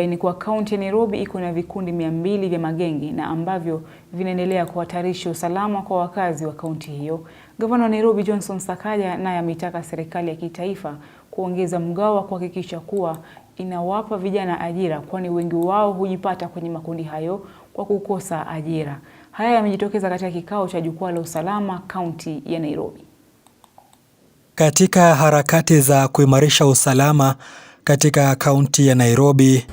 kubaini kuwa kaunti ya Nairobi iko na vikundi mia mbili vya magenge na ambavyo vinaendelea kuhatarisha usalama kwa wakazi wa kaunti hiyo. Gavana wa Nairobi Johnson Sakaja naye ameitaka serikali ya kitaifa kuongeza mgao wa kuhakikisha kuwa inawapa vijana ajira, kwani wengi wao hujipata kwenye makundi hayo kwa kukosa ajira. Haya yamejitokeza katika kikao cha jukwaa la usalama kaunti ya Nairobi. Katika harakati za kuimarisha usalama katika kaunti ya Nairobi.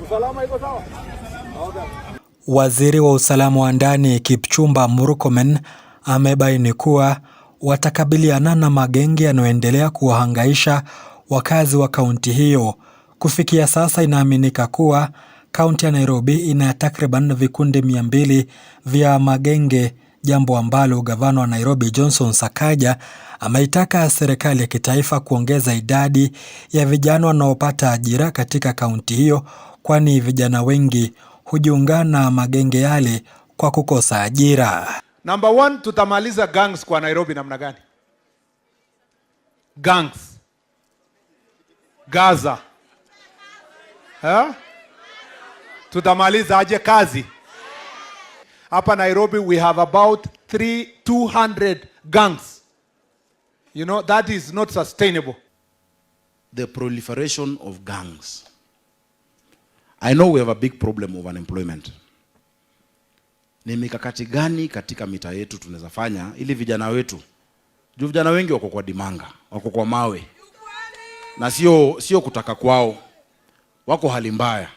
Waziri wa usalama wa ndani Kipchumba Murkomen amebaini kuwa watakabiliana na magenge yanayoendelea kuwahangaisha wakazi wa kaunti hiyo. Kufikia sasa inaaminika kuwa kaunti ya Nairobi ina takriban vikundi mia mbili vya magenge jambo ambalo gavana wa Nairobi Johnson Sakaja ameitaka serikali ya kitaifa kuongeza idadi ya vijana wanaopata ajira katika kaunti hiyo, kwani vijana wengi hujiungana na magenge yale kwa kukosa ajira. Number one, tutamaliza gangs kwa Nairobi namna gani? Gangs. Gaza. Ha? Tutamaliza aje kazi hapa Nairobi we have about 3 200 gangs. You know that is not sustainable. The proliferation of gangs. I know we have a big problem of unemployment. Ni mikakati gani katika mita yetu tunaweza fanya ili vijana wetu juu vijana wengi wako kwa dimanga, wako kwa mawe na sio sio kutaka kwao, wako hali mbaya.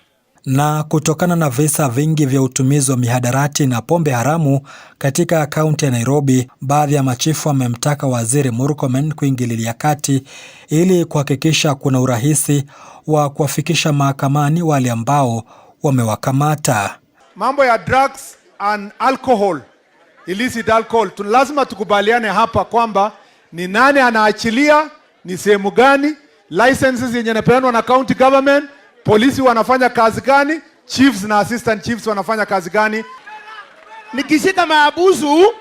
Na kutokana na visa vingi vya utumizi wa mihadarati na pombe haramu katika kaunti ya Nairobi, baadhi ya machifu wamemtaka Waziri Murkomen kuingililia kati ili kuhakikisha kuna urahisi wa kuwafikisha mahakamani wale ambao wamewakamata. Mambo ya drugs and alcohol, illicit alcohol, lazima tukubaliane hapa kwamba ni nani anaachilia, ni sehemu gani, licenses yenye napeanwa na county government Polisi wanafanya kazi gani? Chiefs na assistant chiefs wanafanya kazi gani? Nikishika maabusu,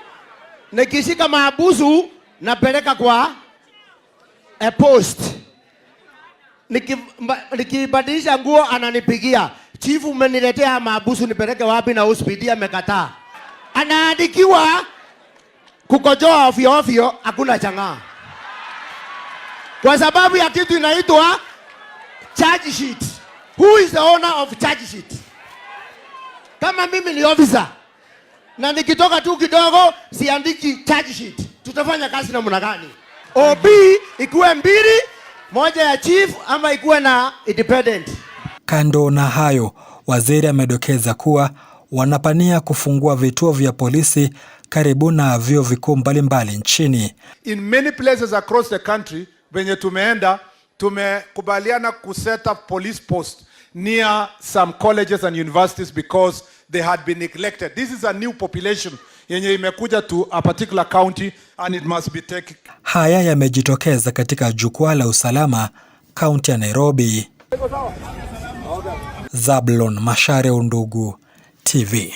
nikishika maabuzu napeleka kwa a post. Nikibadilisha nguo ananipigia, chief, umeniletea maabuzu nipeleke wapi? na hospitali amekataa, anaandikiwa kukojoa ovyo ovyo, hakuna chang'aa kwa sababu ya kitu inaitwa charge sheet. Who is the owner of charge sheet? Kama mimi ni officer na nikitoka tu kidogo siandiki charge sheet, tutafanya kazi namna gani? OB ikuwe mbili, moja ya chief ama ikuwe na independent. Kando na hayo, waziri amedokeza kuwa wanapania kufungua vituo vya polisi karibu na vyuo vikuu mbalimbali nchini. In many places across the country venye tumeenda tumekubaliana kuset up police post near some colleges and universities because they had been neglected. This is a new population yenye imekuja to a particular county and it must be taken. Haya yamejitokeza katika jukwaa la usalama kaunti ya Nairobi. Zablon Mashare, Undugu TV.